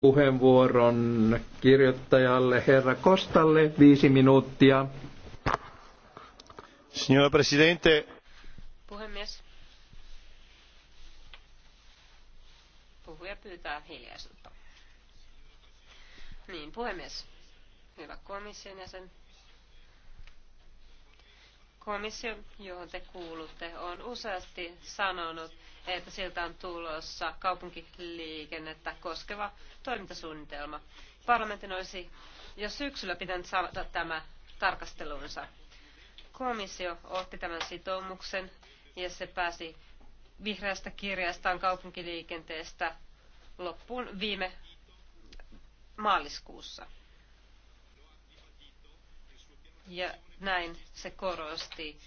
puheenvuoron kirjoittajalle herra Kostalle viisi minuuttia. Signora Presidente. Puhemies. Puhuja pyytää hiljaisuutta. Niin, puhemies. Hyvä komission jäsen. Komissio, johon te kuulutte, on useasti sanonut, että siltä on tulossa kaupunkiliikennettä koskeva toimintasuunnitelma. Parlamentin olisi jo syksyllä pitänyt saada tämä tarkastelunsa. Komissio otti tämän sitoumuksen ja se pääsi vihreästä kirjastaan kaupunkiliikenteestä loppuun viime maaliskuussa. Ja näin se korosti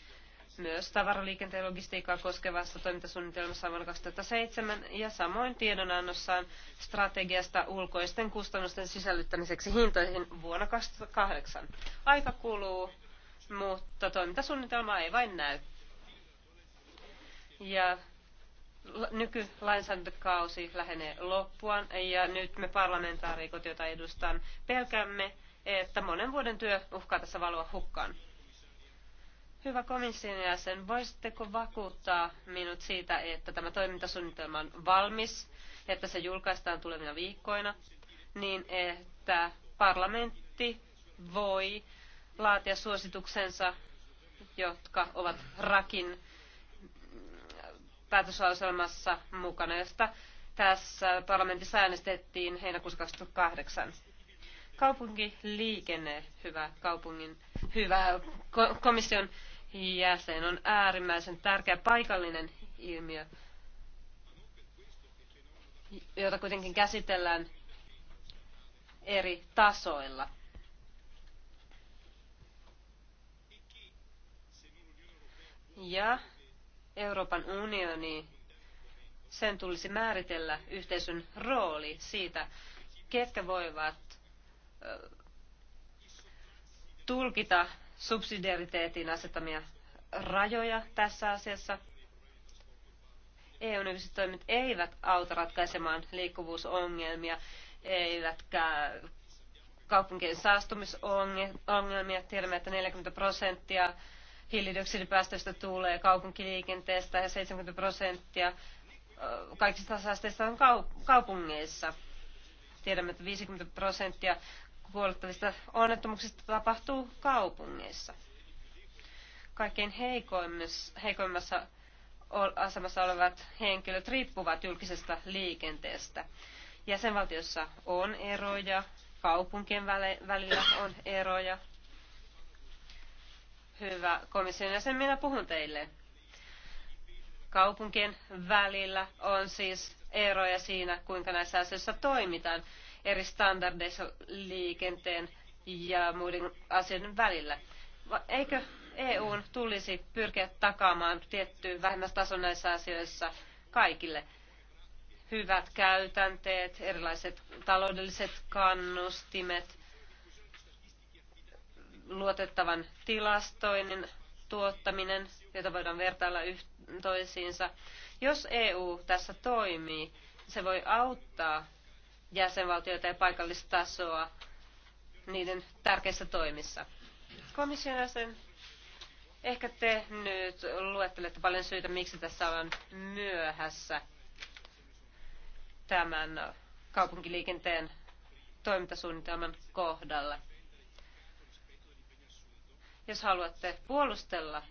myös tavaraliikenteen logistiikkaa koskevassa toimintasuunnitelmassa vuonna 2007 ja samoin tiedonannossaan strategiasta ulkoisten kustannusten sisällyttämiseksi hintoihin vuonna 2008. Aika kuluu, mutta toimintasuunnitelmaa ei vain näy. Ja nykylainsäädäntökausi lähenee loppuaan ja nyt me parlamentaarikot, joita edustan, pelkäämme, että monen vuoden työ uhkaa tässä valua hukkaan. Hyvä komission jäsen, voisitteko vakuuttaa minut siitä, että tämä toimintasuunnitelma on valmis, että se julkaistaan tulevina viikkoina, niin että parlamentti voi laatia suosituksensa, jotka ovat rakin mm, päätöslauselmassa mukana, josta tässä parlamentissa äänestettiin heinäkuussa 2008. Kaupunkiliikenne, hyvä kaupungin, hyvä komission jäsen on äärimmäisen tärkeä paikallinen ilmiö, jota kuitenkin käsitellään eri tasoilla. Ja Euroopan unioni, sen tulisi määritellä yhteisön rooli siitä, ketkä voivat tulkita subsidiariteetin asettamia rajoja tässä asiassa. EUn yhdessä toimet eivät auta ratkaisemaan liikkuvuusongelmia, eivätkä kaupunkien saastumisongelmia. Tiedämme, että 40 prosenttia hiilidioksidipäästöistä tulee kaupunkiliikenteestä ja 70 prosenttia kaikista saasteista on kaupungeissa. Tiedämme, että 50 prosenttia huolettavista onnettomuuksista tapahtuu kaupungeissa. Kaikkein heikoimmassa asemassa olevat henkilöt riippuvat julkisesta liikenteestä. Jäsenvaltiossa on eroja, kaupunkien välillä on eroja. Hyvä komission jäsen, minä puhun teille. Kaupunkien välillä on siis eroja siinä, kuinka näissä asioissa toimitaan eri standardeissa liikenteen ja muiden asioiden välillä. Eikö EUn tulisi pyrkiä takaamaan tietty vähemmästason näissä asioissa kaikille? Hyvät käytänteet, erilaiset taloudelliset kannustimet, luotettavan tilastoinnin tuottaminen, jota voidaan vertailla toisiinsa. Jos EU tässä toimii, se voi auttaa jäsenvaltioita ja paikallistasoa niiden tärkeissä toimissa. Komission jäsen, ehkä te nyt luettelette paljon syitä, miksi tässä ollaan myöhässä tämän kaupunkiliikenteen toimintasuunnitelman kohdalla. Jos haluatte puolustella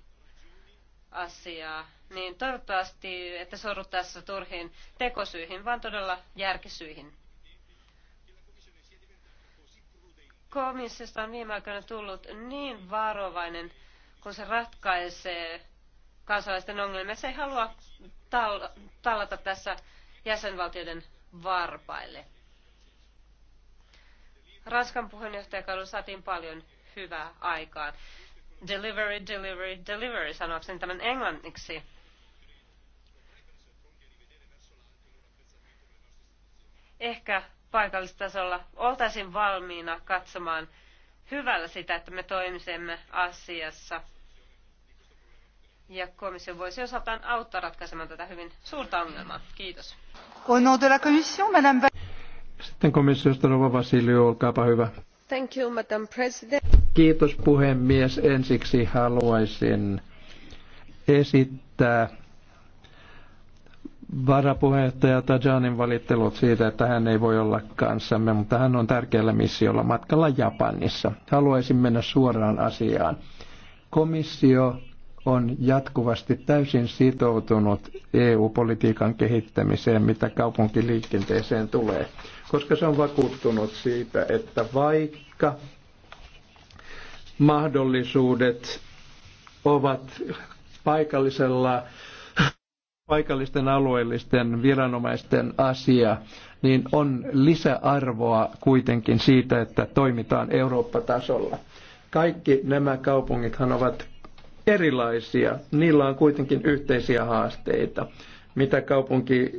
asiaa, niin toivottavasti, että sorru tässä turhiin tekosyihin, vaan todella järkisyihin. komissiosta on viime aikoina tullut niin varovainen, kun se ratkaisee kansalaisten ongelmia. Se ei halua tallata tässä jäsenvaltioiden varpaille. Ranskan puheenjohtajakaudella saatiin paljon hyvää aikaan. Delivery, delivery, delivery, sanoakseni tämän englanniksi. Ehkä paikallistasolla oltaisiin valmiina katsomaan hyvällä sitä, että me toimisemme asiassa. Ja komissio voisi osaltaan auttaa ratkaisemaan tätä hyvin suurta ongelmaa. Kiitos. Sitten komissiosta Rova Vasilio, olkaapa hyvä. Thank you, madam president. Kiitos puhemies. Ensiksi haluaisin esittää varapuheenjohtaja Tajanin valittelut siitä, että hän ei voi olla kanssamme, mutta hän on tärkeällä missiolla matkalla Japanissa. Haluaisin mennä suoraan asiaan. Komissio on jatkuvasti täysin sitoutunut EU-politiikan kehittämiseen, mitä kaupunkiliikenteeseen tulee, koska se on vakuuttunut siitä, että vaikka mahdollisuudet ovat paikallisella paikallisten alueellisten viranomaisten asia, niin on lisäarvoa kuitenkin siitä, että toimitaan Eurooppa-tasolla. Kaikki nämä kaupungithan ovat erilaisia. Niillä on kuitenkin yhteisiä haasteita. Mitä kaupunki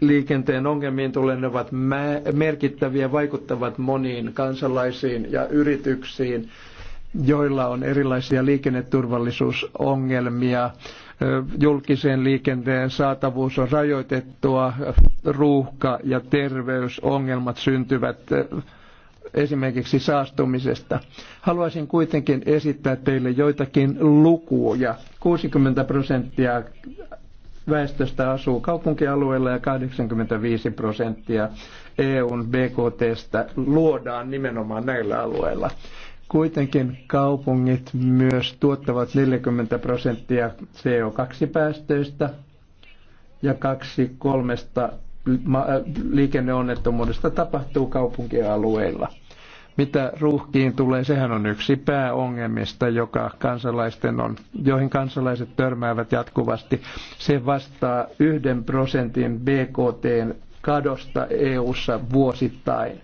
liikenteen ongelmiin tulee, ne ovat merkittäviä, vaikuttavat moniin kansalaisiin ja yrityksiin joilla on erilaisia liikenneturvallisuusongelmia. Julkisen liikenteen saatavuus on rajoitettua, ruuhka- ja terveysongelmat syntyvät esimerkiksi saastumisesta. Haluaisin kuitenkin esittää teille joitakin lukuja. 60 prosenttia väestöstä asuu kaupunkialueella ja 85 prosenttia EUn BKTstä luodaan nimenomaan näillä alueilla. Kuitenkin kaupungit myös tuottavat 40 prosenttia CO2-päästöistä ja kaksi kolmesta äh, liikenneonnettomuudesta tapahtuu kaupunkialueilla. Mitä ruuhkiin tulee, sehän on yksi pääongelmista, joka kansalaisten on, joihin kansalaiset törmäävät jatkuvasti. Se vastaa yhden prosentin BKT kadosta EU-ssa vuosittain.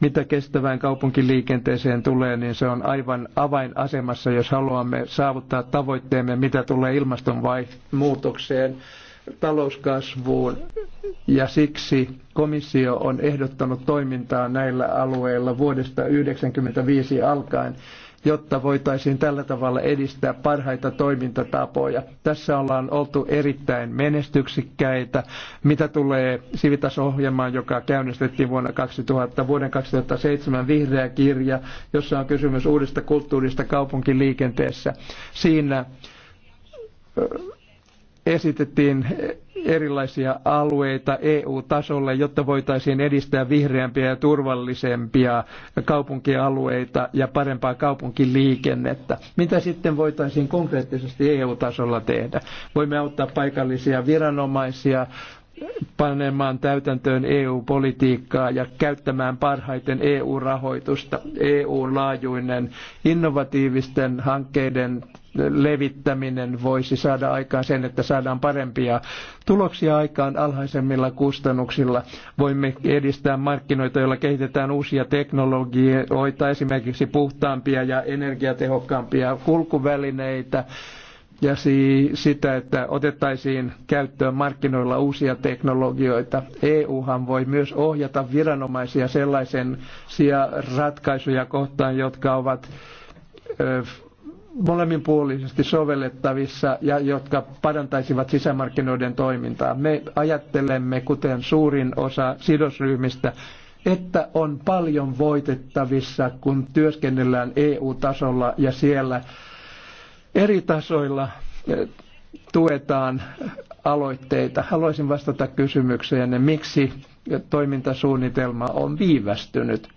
Mitä kestävään kaupunkiliikenteeseen tulee, niin se on aivan avainasemassa, jos haluamme saavuttaa tavoitteemme, mitä tulee ilmastonmuutokseen, talouskasvuun. Ja siksi komissio on ehdottanut toimintaa näillä alueilla vuodesta 1995 alkaen jotta voitaisiin tällä tavalla edistää parhaita toimintatapoja. Tässä ollaan oltu erittäin menestyksikkäitä. Mitä tulee Sivitas-ohjelmaan, joka käynnistettiin vuonna 2000, vuoden 2007 vihreä kirja, jossa on kysymys uudesta kulttuurista kaupunkiliikenteessä. Siinä esitettiin erilaisia alueita EU-tasolle, jotta voitaisiin edistää vihreämpiä ja turvallisempia kaupunkialueita ja parempaa kaupunkiliikennettä. Mitä sitten voitaisiin konkreettisesti EU-tasolla tehdä? Voimme auttaa paikallisia viranomaisia, panemaan täytäntöön EU-politiikkaa ja käyttämään parhaiten EU-rahoitusta. EU-laajuinen innovatiivisten hankkeiden levittäminen voisi saada aikaan sen, että saadaan parempia tuloksia aikaan alhaisemmilla kustannuksilla. Voimme edistää markkinoita, joilla kehitetään uusia teknologioita, esimerkiksi puhtaampia ja energiatehokkaampia kulkuvälineitä ja sitä, että otettaisiin käyttöön markkinoilla uusia teknologioita. EUhan voi myös ohjata viranomaisia sellaisia ratkaisuja kohtaan, jotka ovat molemminpuolisesti sovellettavissa ja jotka parantaisivat sisämarkkinoiden toimintaa. Me ajattelemme, kuten suurin osa sidosryhmistä, että on paljon voitettavissa, kun työskennellään EU-tasolla ja siellä eri tasoilla eh, tuetaan aloitteita. Haluaisin vastata kysymykseen, miksi toimintasuunnitelma on viivästynyt.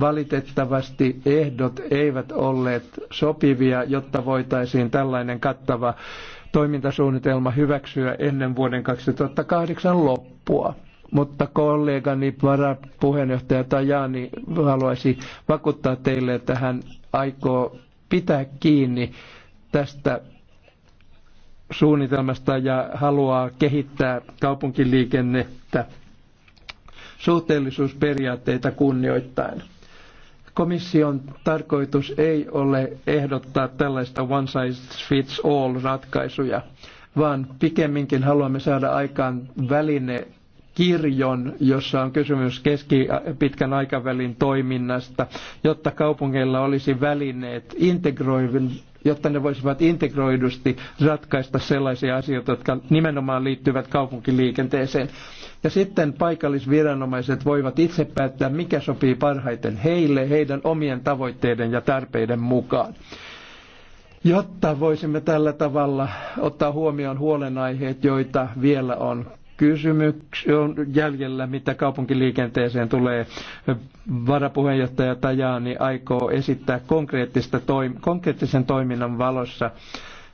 Valitettavasti ehdot eivät olleet sopivia, jotta voitaisiin tällainen kattava toimintasuunnitelma hyväksyä ennen vuoden 2008 loppua. Mutta kollegani varapuheenjohtaja Tajani haluaisi vakuuttaa teille, että hän aikoo pitää kiinni tästä suunnitelmasta ja haluaa kehittää kaupunkiliikennettä suhteellisuusperiaatteita kunnioittain. Komission tarkoitus ei ole ehdottaa tällaista one size fits all ratkaisuja, vaan pikemminkin haluamme saada aikaan väline kirjon, jossa on kysymys keskipitkän aikavälin toiminnasta, jotta kaupungeilla olisi välineet integroivin jotta ne voisivat integroidusti ratkaista sellaisia asioita, jotka nimenomaan liittyvät kaupunkiliikenteeseen. Ja sitten paikallisviranomaiset voivat itse päättää, mikä sopii parhaiten heille, heidän omien tavoitteiden ja tarpeiden mukaan jotta voisimme tällä tavalla ottaa huomioon huolenaiheet, joita vielä on kysymys on jäljellä, mitä kaupunkiliikenteeseen tulee. Varapuheenjohtaja Tajani aikoo esittää konkreettista toim- konkreettisen toiminnan valossa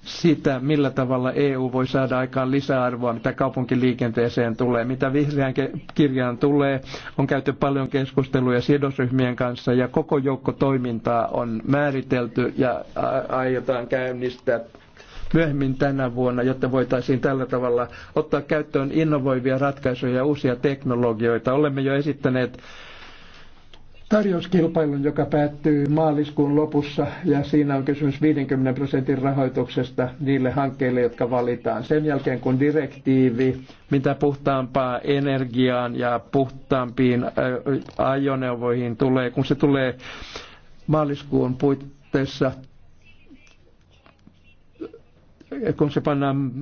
sitä, millä tavalla EU voi saada aikaan lisäarvoa, mitä kaupunkiliikenteeseen tulee, mitä vihreään kirjaan tulee. On käyty paljon keskusteluja sidosryhmien kanssa ja koko joukko toimintaa on määritelty ja aiotaan käynnistää myöhemmin tänä vuonna, jotta voitaisiin tällä tavalla ottaa käyttöön innovoivia ratkaisuja ja uusia teknologioita. Olemme jo esittäneet tarjouskilpailun, joka päättyy maaliskuun lopussa, ja siinä on kysymys 50 prosentin rahoituksesta niille hankkeille, jotka valitaan. Sen jälkeen kun direktiivi, mitä puhtaampaa energiaan ja puhtaampiin ajoneuvoihin tulee, kun se tulee maaliskuun puitteissa kun se pannaan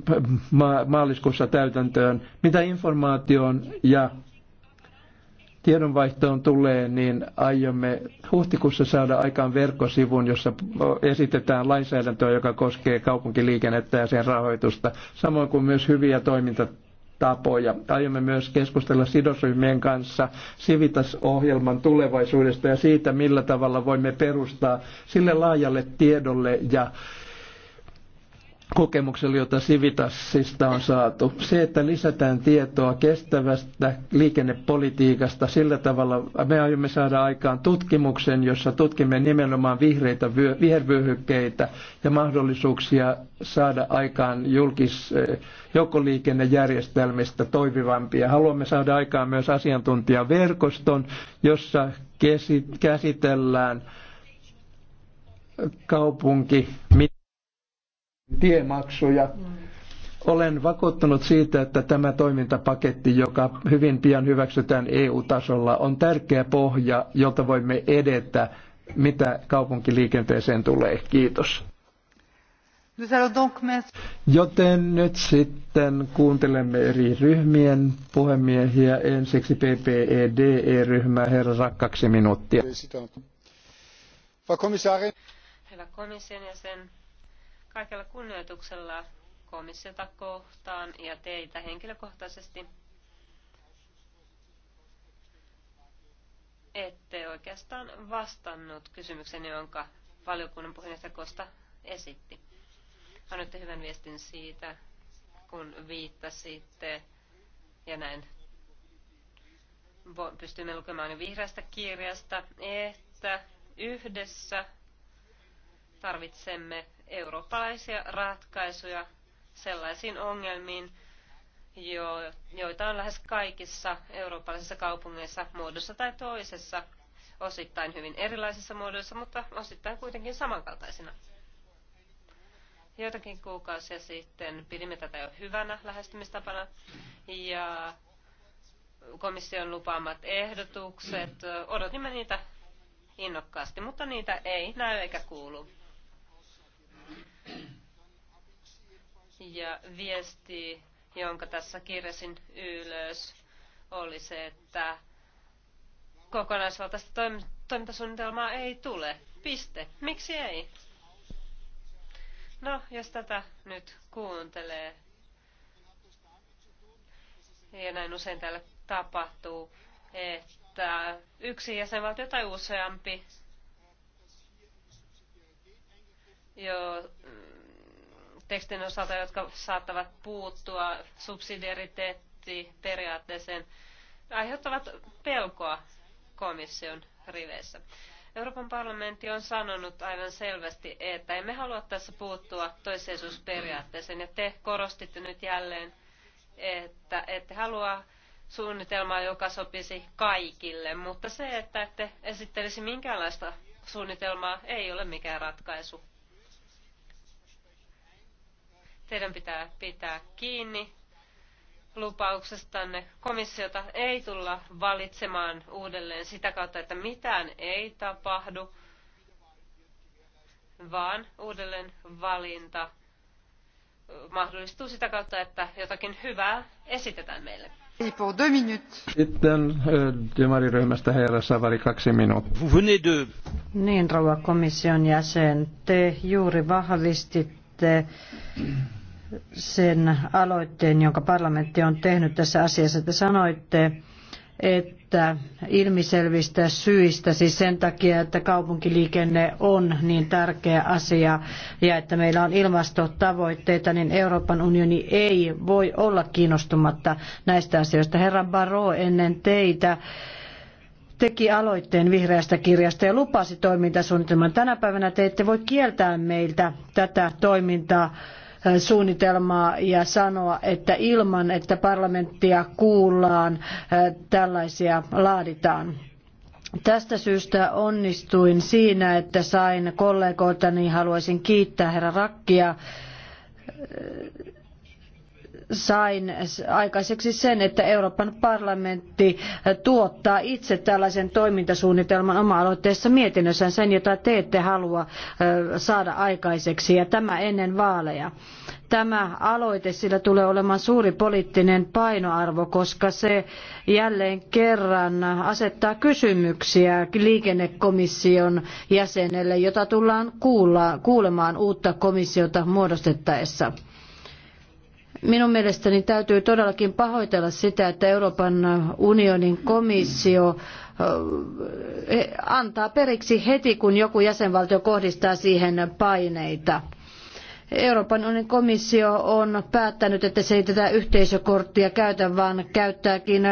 maaliskuussa täytäntöön. Mitä informaatioon ja tiedonvaihtoon tulee, niin aiomme huhtikuussa saada aikaan verkkosivun, jossa esitetään lainsäädäntöä, joka koskee kaupunkiliikennettä ja sen rahoitusta, samoin kuin myös hyviä toimintatapoja. Aiomme myös keskustella sidosryhmien kanssa Sivitas-ohjelman tulevaisuudesta ja siitä, millä tavalla voimme perustaa sille laajalle tiedolle ja kokemuksella, jota Sivitassista on saatu. Se, että lisätään tietoa kestävästä liikennepolitiikasta sillä tavalla, me aiomme saada aikaan tutkimuksen, jossa tutkimme nimenomaan vihreitä vihervyöhykkeitä ja mahdollisuuksia saada aikaan julkis, joukkoliikennejärjestelmistä toimivampia. Haluamme saada aikaan myös asiantuntijaverkoston, jossa käsitellään kaupunki, tiemaksuja. Olen vakuuttunut siitä, että tämä toimintapaketti, joka hyvin pian hyväksytään EU-tasolla, on tärkeä pohja, jolta voimme edetä, mitä kaupunkiliikenteeseen tulee. Kiitos. Joten nyt sitten kuuntelemme eri ryhmien puhemiehiä. Ensiksi PPEDE-ryhmä, herra Rakka, kaksi minuuttia. Hyvä komission jäsen, Kaikella kunnioituksella komissiota kohtaan ja teitä henkilökohtaisesti ette oikeastaan vastannut kysymykseen, jonka valiokunnan puheenjohtaja Kosta esitti. Annoitte hyvän viestin siitä, kun viittasitte, ja näin pystymme lukemaan vihreästä kirjasta, että yhdessä tarvitsemme eurooppalaisia ratkaisuja sellaisiin ongelmiin, joita on lähes kaikissa eurooppalaisissa kaupungeissa muodossa tai toisessa, osittain hyvin erilaisissa muodoissa, mutta osittain kuitenkin samankaltaisina. Joitakin kuukausia sitten pidimme tätä jo hyvänä lähestymistapana ja komission lupaamat ehdotukset, odotimme niitä innokkaasti, mutta niitä ei näy eikä kuulu. Ja viesti, jonka tässä kirjasin ylös, oli se, että kokonaisvaltaista toimintasuunnitelmaa ei tule. Piste. Miksi ei? No, jos tätä nyt kuuntelee, ja näin usein täällä tapahtuu, että yksi jäsenvaltio tai useampi jo mm, tekstin osalta, jotka saattavat puuttua periaatteeseen, aiheuttavat pelkoa komission riveissä. Euroopan parlamentti on sanonut aivan selvästi, että emme halua tässä puuttua toiseisuusperiaatteeseen, ja te korostitte nyt jälleen, että ette halua suunnitelmaa, joka sopisi kaikille, mutta se, että ette esittelisi minkäänlaista suunnitelmaa, ei ole mikään ratkaisu. Teidän pitää pitää kiinni lupauksestanne. Komissiota ei tulla valitsemaan uudelleen sitä kautta, että mitään ei tapahdu, vaan uudelleen valinta mahdollistuu sitä kautta, että jotakin hyvää esitetään meille. Sitten demariryhmästä herra Savari kaksi minuuttia. Niin, rouva komission jäsen, te juuri vahvistitte sen aloitteen, jonka parlamentti on tehnyt tässä asiassa. Te sanoitte, että ilmiselvistä syistä, siis sen takia, että kaupunkiliikenne on niin tärkeä asia ja että meillä on ilmastotavoitteita, niin Euroopan unioni ei voi olla kiinnostumatta näistä asioista. Herra Baro, ennen teitä teki aloitteen vihreästä kirjasta ja lupasi toimintasuunnitelman. Tänä päivänä te ette voi kieltää meiltä tätä toimintaa suunnitelmaa ja sanoa, että ilman, että parlamenttia kuullaan, tällaisia laaditaan. Tästä syystä onnistuin siinä, että sain kollegoitani, haluaisin kiittää herra Rakkia sain aikaiseksi sen, että Euroopan parlamentti tuottaa itse tällaisen toimintasuunnitelman oma-aloitteessa mietinnössään sen, jota te ette halua saada aikaiseksi ja tämä ennen vaaleja. Tämä aloite, sillä tulee olemaan suuri poliittinen painoarvo, koska se jälleen kerran asettaa kysymyksiä liikennekomission jäsenelle, jota tullaan kuulla, kuulemaan uutta komissiota muodostettaessa Minun mielestäni täytyy todellakin pahoitella sitä, että Euroopan unionin komissio eh, antaa periksi heti, kun joku jäsenvaltio kohdistaa siihen paineita. Euroopan unionin komissio on päättänyt, että se ei tätä yhteisökorttia käytä, vaan käyttääkin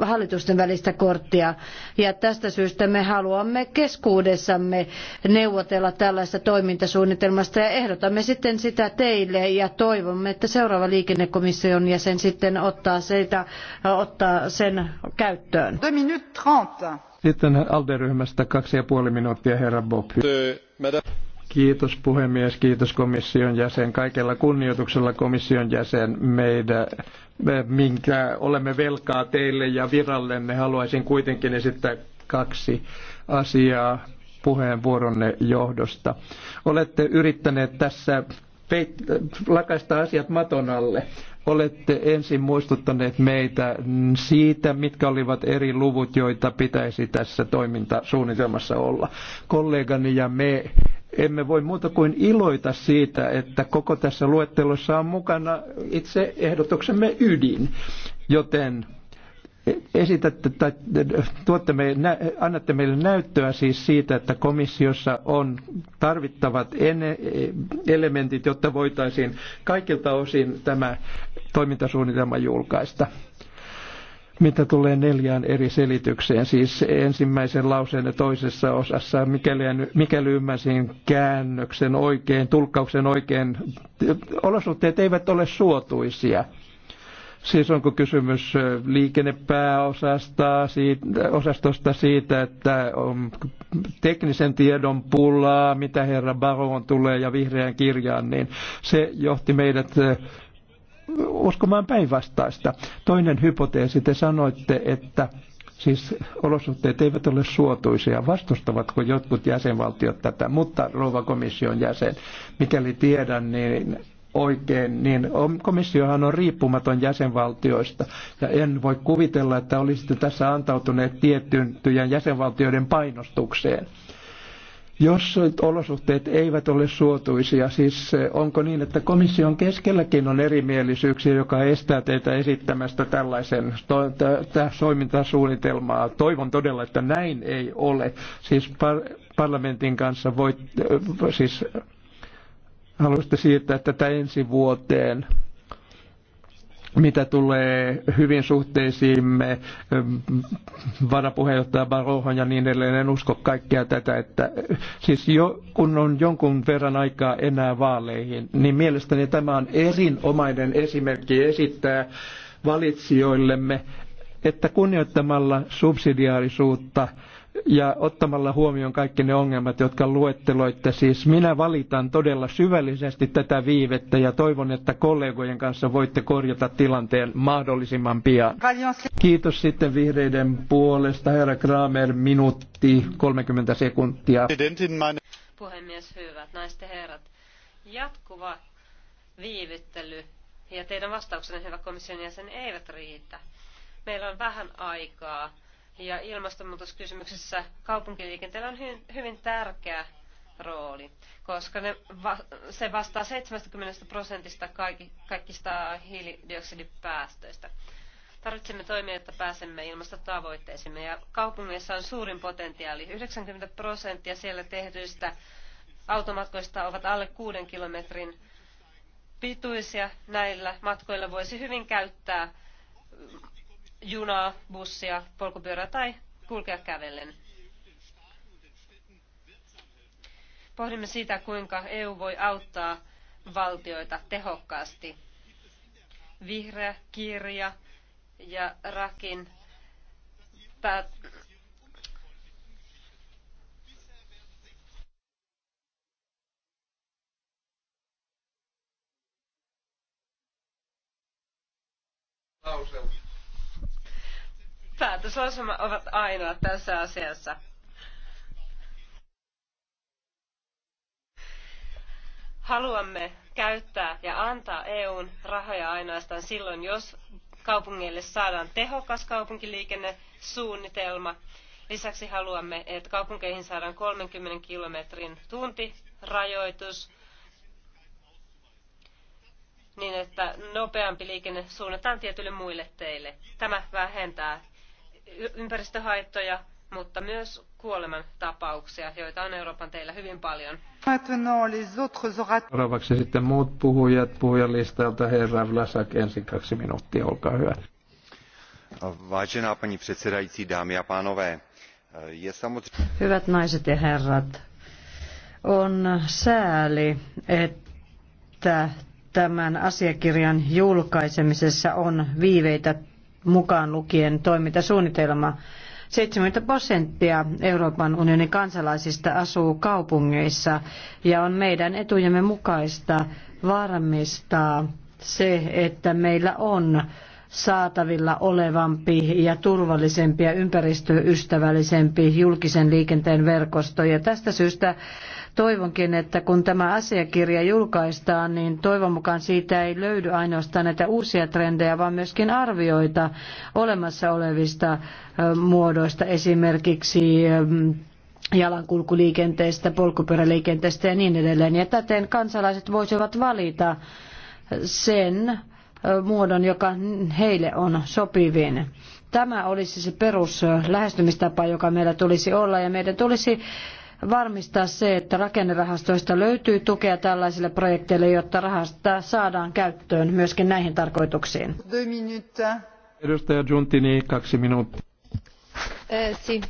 hallitusten välistä korttia. Ja tästä syystä me haluamme keskuudessamme neuvotella tällaista toimintasuunnitelmasta ja ehdotamme sitten sitä teille ja toivomme, että seuraava liikennekomission jäsen sitten ottaa, siitä, ottaa sen käyttöön. Sitten Alderyhmästä kaksi ja puoli minuuttia, herra Bob. Kiitos puhemies, kiitos komission jäsen. Kaikella kunnioituksella komission jäsen meidän, me, minkä olemme velkaa teille ja virallenne. Haluaisin kuitenkin esittää kaksi asiaa puheenvuoronne johdosta. Olette yrittäneet tässä peit- lakaista asiat maton alle olette ensin muistuttaneet meitä siitä, mitkä olivat eri luvut, joita pitäisi tässä toimintasuunnitelmassa olla. Kollegani ja me emme voi muuta kuin iloita siitä, että koko tässä luettelossa on mukana itse ehdotuksemme ydin, joten esitätte tai tuotte meille, annatte meille näyttöä siis siitä, että komissiossa on tarvittavat elementit, jotta voitaisiin kaikilta osin tämä toimintasuunnitelma julkaista. Mitä tulee neljään eri selitykseen, siis ensimmäisen lauseen ja toisessa osassa, mikäli, mikäli ymmärsin käännöksen oikein, tulkkauksen oikein, olosuhteet eivät ole suotuisia – Siis onko kysymys liikennepääosasta, siitä, osastosta siitä, että on teknisen tiedon pullaa, mitä herra Baron tulee ja vihreän kirjaan, niin se johti meidät uskomaan päinvastaista. Toinen hypoteesi, te sanoitte, että siis olosuhteet eivät ole suotuisia. Vastustavatko jotkut jäsenvaltiot tätä, mutta rouva komission jäsen, mikäli tiedän, niin oikein, niin komissiohan on riippumaton jäsenvaltioista. Ja en voi kuvitella, että olisitte tässä antautuneet tiettyjen jäsenvaltioiden painostukseen. Jos olosuhteet eivät ole suotuisia, siis onko niin, että komission keskelläkin on erimielisyyksiä, joka estää teitä esittämästä tällaisen toimintasuunnitelmaa? Toivon todella, että näin ei ole. Siis par- parlamentin kanssa voit, siis haluaisitte siirtää tätä ensi vuoteen mitä tulee hyvin suhteisiimme ähm, varapuheenjohtaja Barohon ja niin edelleen, en usko kaikkea tätä, että siis jo, kun on jonkun verran aikaa enää vaaleihin, niin mielestäni tämä on erinomainen esimerkki esittää valitsijoillemme, että kunnioittamalla subsidiaarisuutta ja ottamalla huomioon kaikki ne ongelmat, jotka luetteloitte. Siis minä valitan todella syvällisesti tätä viivettä ja toivon, että kollegojen kanssa voitte korjata tilanteen mahdollisimman pian. Kiitos sitten vihreiden puolesta. Herra Kramer, minuutti 30 sekuntia. Puhemies, hyvät naiset ja herrat. Jatkuva viivyttely ja teidän vastauksenne, hyvä komission jäsen, eivät riitä. Meillä on vähän aikaa ja ilmastonmuutoskysymyksessä kaupunkiliikenteellä on hy- hyvin tärkeä rooli, koska ne va- se vastaa 70 prosentista kaikki- kaikista hiilidioksidipäästöistä. Tarvitsemme toimia, että pääsemme ilmastotavoitteisiin Ja kaupungeissa on suurin potentiaali. 90 prosenttia siellä tehdyistä automatkoista ovat alle 6 kilometrin pituisia. Näillä matkoilla voisi hyvin käyttää junaa, bussia, polkupyörää tai kulkea kävellen. Pohdimme sitä, kuinka EU voi auttaa valtioita tehokkaasti. Vihreä kirja ja rakin päät- Lauseus päätöslausuma ovat ainoa tässä asiassa. Haluamme käyttää ja antaa EUn rahoja ainoastaan silloin, jos kaupungeille saadaan tehokas kaupunkiliikennesuunnitelma. Lisäksi haluamme, että kaupunkeihin saadaan 30 kilometrin tuntirajoitus niin, että nopeampi liikenne suunnataan tietyille muille teille. Tämä vähentää ympäristöhaittoja, mutta myös kuoleman tapauksia, joita on Euroopan teillä hyvin paljon. Seuraavaksi sitten muut puhujat puhujalistalta. Herra Vlasak, ensin kaksi minuuttia, olkaa hyvä. Vážená paní předsedající, dámy a pánové, je samozřejmě... Hyvät naiset ja herrat, on sääli, että tämän asiakirjan julkaisemisessa on viiveitä mukaan lukien toimintasuunnitelma. 70 prosenttia Euroopan unionin kansalaisista asuu kaupungeissa ja on meidän etujemme mukaista varmistaa se, että meillä on saatavilla olevampi ja turvallisempi ja ympäristöystävällisempi julkisen liikenteen verkosto. Ja tästä syystä toivonkin, että kun tämä asiakirja julkaistaan, niin toivon mukaan siitä ei löydy ainoastaan näitä uusia trendejä, vaan myöskin arvioita olemassa olevista muodoista, esimerkiksi jalankulkuliikenteestä, polkupyöräliikenteestä ja niin edelleen. Ja täten kansalaiset voisivat valita sen, muodon, joka heille on sopivin. Tämä olisi se peruslähestymistapa, joka meillä tulisi olla ja meidän tulisi varmistaa se, että rakennerahastoista löytyy tukea tällaisille projekteille, jotta rahasta saadaan käyttöön myöskin näihin tarkoituksiin. Edustaja Giuntini, kaksi minuuttia. Eh, si.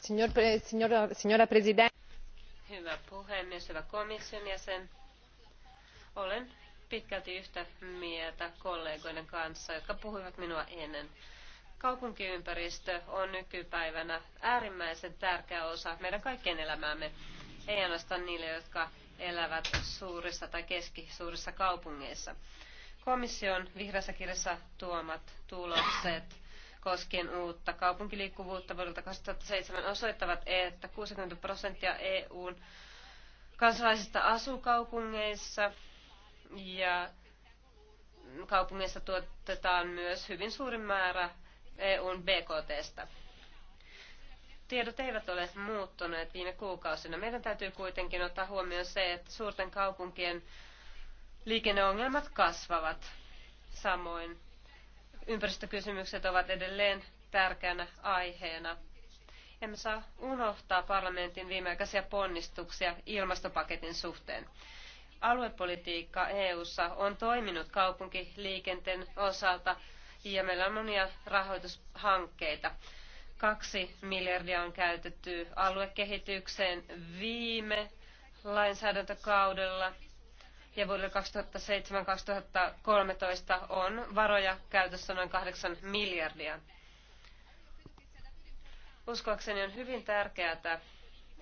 Signor, signora, signora Hyvä puhemies, hyvä komission jäsen. Olen pitkälti yhtä mieltä kollegoiden kanssa, jotka puhuivat minua ennen. Kaupunkiympäristö on nykypäivänä äärimmäisen tärkeä osa meidän kaikkien elämäämme, ei ainoastaan niille, jotka elävät suurissa tai keskisuurissa kaupungeissa. Komission vihreässä kirjassa tuomat tulokset koskien uutta kaupunkiliikkuvuutta vuodelta 2007 osoittavat, että 60 prosenttia EUn kansalaisista asuu kaupungeissa ja kaupungissa tuotetaan myös hyvin suuri määrä EUn BKTstä. Tiedot eivät ole muuttuneet viime kuukausina. Meidän täytyy kuitenkin ottaa huomioon se, että suurten kaupunkien liikenneongelmat kasvavat. Samoin ympäristökysymykset ovat edelleen tärkeänä aiheena. Emme saa unohtaa parlamentin viimeaikaisia ponnistuksia ilmastopaketin suhteen aluepolitiikka EU:ssa on toiminut kaupunkiliikenteen osalta ja meillä on monia rahoitushankkeita. Kaksi miljardia on käytetty aluekehitykseen viime lainsäädäntökaudella ja vuodelle 2007-2013 on varoja käytössä noin 8 miljardia. Uskoakseni on hyvin tärkeää,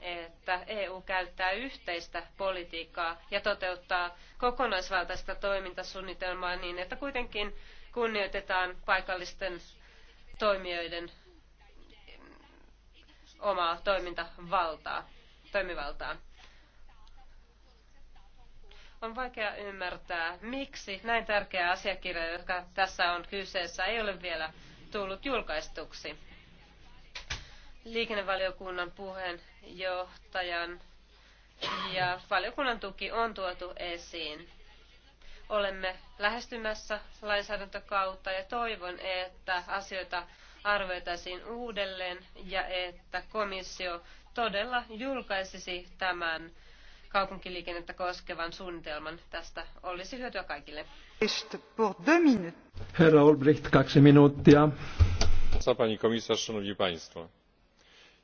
että EU käyttää yhteistä politiikkaa ja toteuttaa kokonaisvaltaista toimintasuunnitelmaa niin, että kuitenkin kunnioitetaan paikallisten toimijoiden mm, omaa toimintavaltaa, toimivaltaa. On vaikea ymmärtää, miksi näin tärkeä asiakirja, joka tässä on kyseessä, ei ole vielä tullut julkaistuksi liikennevaliokunnan puheenjohtajan ja valiokunnan tuki on tuotu esiin. Olemme lähestymässä lainsäädäntökautta ja toivon, että asioita arvioitaisiin uudelleen ja että komissio todella julkaisisi tämän kaupunkiliikennettä koskevan suunnitelman. Tästä olisi hyötyä kaikille. Herra Olbricht, kaksi minuuttia. Pani komisarz, szanowni państwo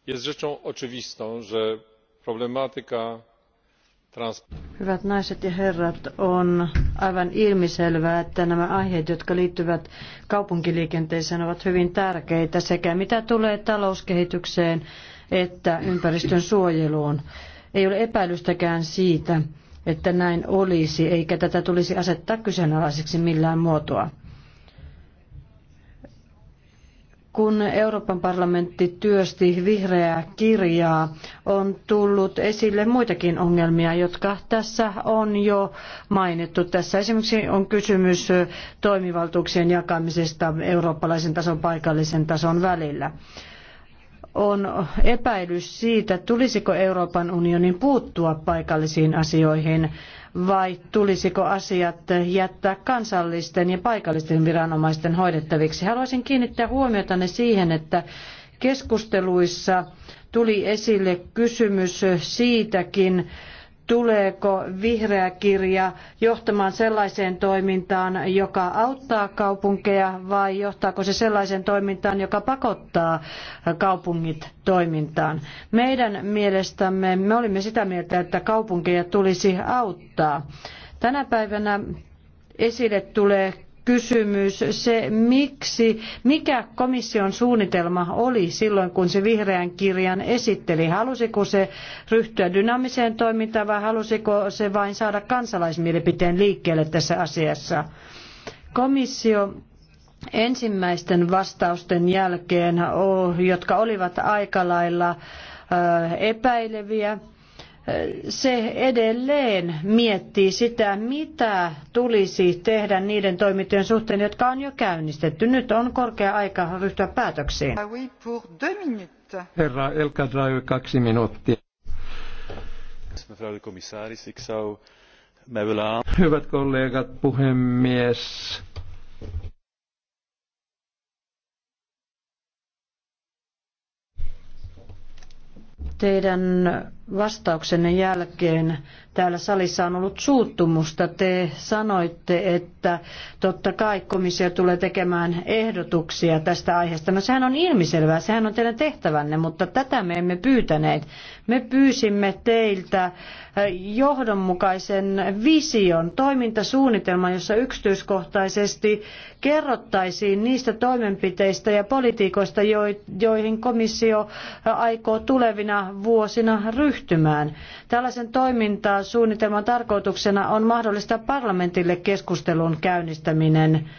jest rzeczą oczywistą że problematyka Hyvät naiset ja herrat, on aivan ilmiselvää, että nämä aiheet, jotka liittyvät ovat hyvin tärkeitä sekä mitä tulee talouskehitykseen että ympäristön suojeluun. Ei ole epäilystäkään siitä, että näin olisi, eikä tätä tulisi asettaa millään kun Euroopan parlamentti työsti vihreää kirjaa, on tullut esille muitakin ongelmia, jotka tässä on jo mainittu. Tässä esimerkiksi on kysymys toimivaltuuksien jakamisesta eurooppalaisen tason paikallisen tason välillä on epäilys siitä, tulisiko Euroopan unionin puuttua paikallisiin asioihin vai tulisiko asiat jättää kansallisten ja paikallisten viranomaisten hoidettaviksi. Haluaisin kiinnittää huomiotanne siihen, että keskusteluissa tuli esille kysymys siitäkin, tuleeko vihreä kirja johtamaan sellaiseen toimintaan, joka auttaa kaupunkeja vai johtaako se sellaiseen toimintaan, joka pakottaa kaupungit toimintaan. Meidän mielestämme me olimme sitä mieltä, että kaupunkeja tulisi auttaa. Tänä päivänä esille tulee kysymys se, miksi, mikä komission suunnitelma oli silloin, kun se vihreän kirjan esitteli. Halusiko se ryhtyä dynaamiseen toimintaan vai halusiko se vain saada kansalaismielipiteen liikkeelle tässä asiassa? Komissio ensimmäisten vastausten jälkeen, jotka olivat aika lailla epäileviä, se edelleen miettii sitä, mitä tulisi tehdä niiden toimintojen suhteen, jotka on jo käynnistetty. Nyt on korkea aika ryhtyä päätöksiin. Ah Herra Elka Draivi, kaksi minuuttia. Hyvät kollegat, puhemies. Teidän vastauksenne jälkeen täällä salissa on ollut suuttumusta. Te sanoitte, että totta kai komissio tulee tekemään ehdotuksia tästä aiheesta. No sehän on ilmiselvää, sehän on teidän tehtävänne, mutta tätä me emme pyytäneet. Me pyysimme teiltä eh, johdonmukaisen vision, toimintasuunnitelman, jossa yksityiskohtaisesti kerrottaisiin niistä toimenpiteistä ja politiikoista, joihin komissio eh, aikoo tulevina vuosina ryhtyä ryhtymään. Tällaisen toimintasuunnitelman tarkoituksena on mahdollistaa parlamentille keskustelun käynnistäminen.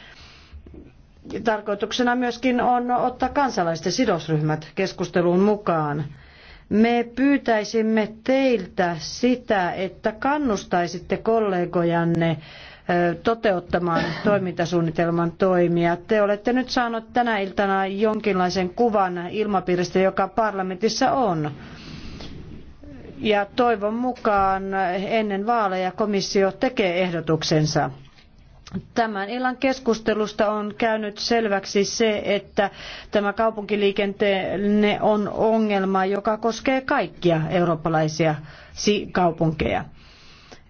Tarkoituksena myöskin on ottaa kansalaisten sidosryhmät keskusteluun mukaan. Me pyytäisimme teiltä sitä, että kannustaisitte kollegojanne toteuttamaan toimintasuunnitelman toimia. Te olette nyt saanut tänä iltana jonkinlaisen kuvan ilmapiiristä, joka parlamentissa on. Ja toivon mukaan ennen vaaleja komissio tekee ehdotuksensa. Tämän illan keskustelusta on käynyt selväksi se, että tämä kaupunkiliikenteenne on ongelma, joka koskee kaikkia eurooppalaisia kaupunkeja.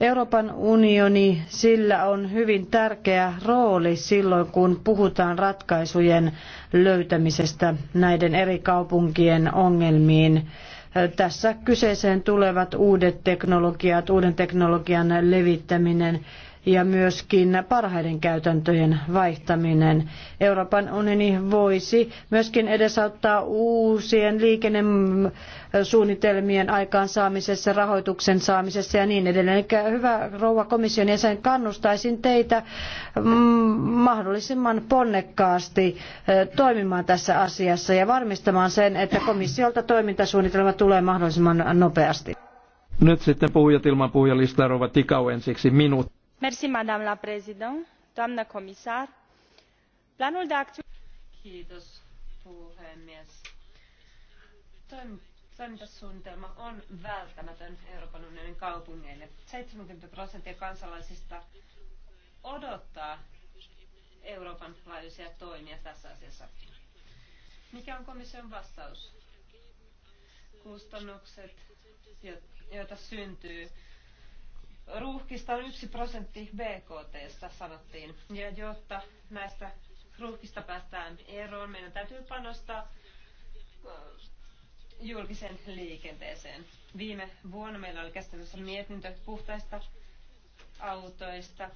Euroopan unioni, sillä on hyvin tärkeä rooli silloin, kun puhutaan ratkaisujen löytämisestä näiden eri kaupunkien ongelmiin tässä kyseeseen tulevat uudet teknologiat, uuden teknologian levittäminen ja myöskin parhaiden käytäntöjen vaihtaminen. Euroopan unioni voisi myöskin edesauttaa uusien liikennesuunnitelmien aikaansaamisessa, rahoituksen saamisessa ja niin edelleen. Eli hyvä rouva komission jäsen, kannustaisin teitä mm, mahdollisimman ponnekkaasti eh, toimimaan tässä asiassa ja varmistamaan sen, että komissiolta toimintasuunnitelma tulee mahdollisimman nopeasti. Nyt sitten puhujat ilman puhujalistaa, rouva Tikau ensiksi minuutti doamnă președintă doamnă comisar planul de acțiune. kiitos puhemies. toimintasuunnitelma on välttämätön euroopan unionin kaupungeille. 70 prosenttia kansalaisista odottaa euroopan laajuisia toimia tässä asiassa. mikä on komission vastaus? kustannukset joita syntyy ruuhkista on yksi prosentti BKTstä, sanottiin. Ja jotta näistä ruuhkista päästään eroon, meidän täytyy panostaa äh, julkiseen liikenteeseen. Viime vuonna meillä oli käsittelyssä mietintö puhtaista autoista.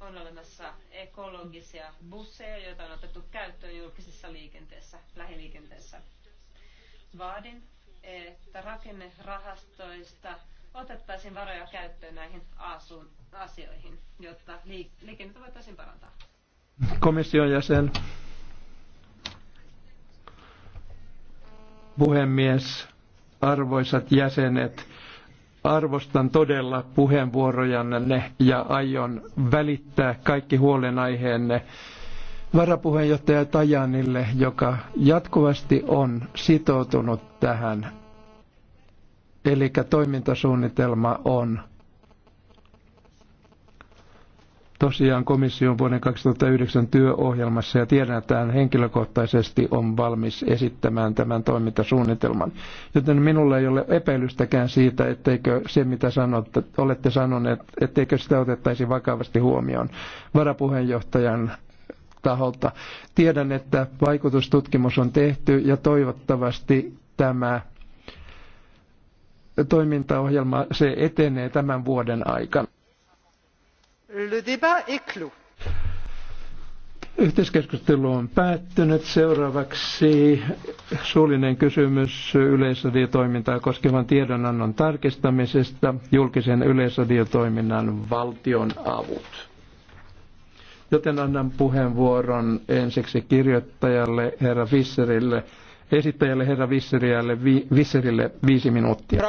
On olemassa ekologisia busseja, joita on otettu käyttöön julkisessa liikenteessä, lähiliikenteessä. Vaadin, että rakennerahastoista rahastoista otettaisiin varoja käyttöön näihin asuun, asioihin, jotta liik- liikennettä voitaisiin parantaa. Komission jäsen. Puhemies, arvoisat jäsenet, arvostan todella puheenvuorojanne ja aion välittää kaikki huolenaiheenne varapuheenjohtaja Tajanille, joka jatkuvasti on sitoutunut tähän Eli toimintasuunnitelma on tosiaan komission vuoden 2009 työohjelmassa ja tiedän, että hän henkilökohtaisesti on valmis esittämään tämän toimintasuunnitelman. Joten minulla ei ole epäilystäkään siitä, etteikö se mitä sanotte, olette sanoneet, etteikö sitä otettaisi vakavasti huomioon varapuheenjohtajan taholta. Tiedän, että vaikutustutkimus on tehty ja toivottavasti tämä toimintaohjelma, se etenee tämän vuoden aikana. Le débat est clos. Yhteiskeskustelu on päättynyt. Seuraavaksi suullinen kysymys yleisradiotoimintaa koskevan tiedonannon tarkistamisesta, julkisen yleisradiotoiminnan valtion avut. Joten annan puheenvuoron ensiksi kirjoittajalle, herra Fisserille esittäjälle herra Visserille, viisi minuuttia.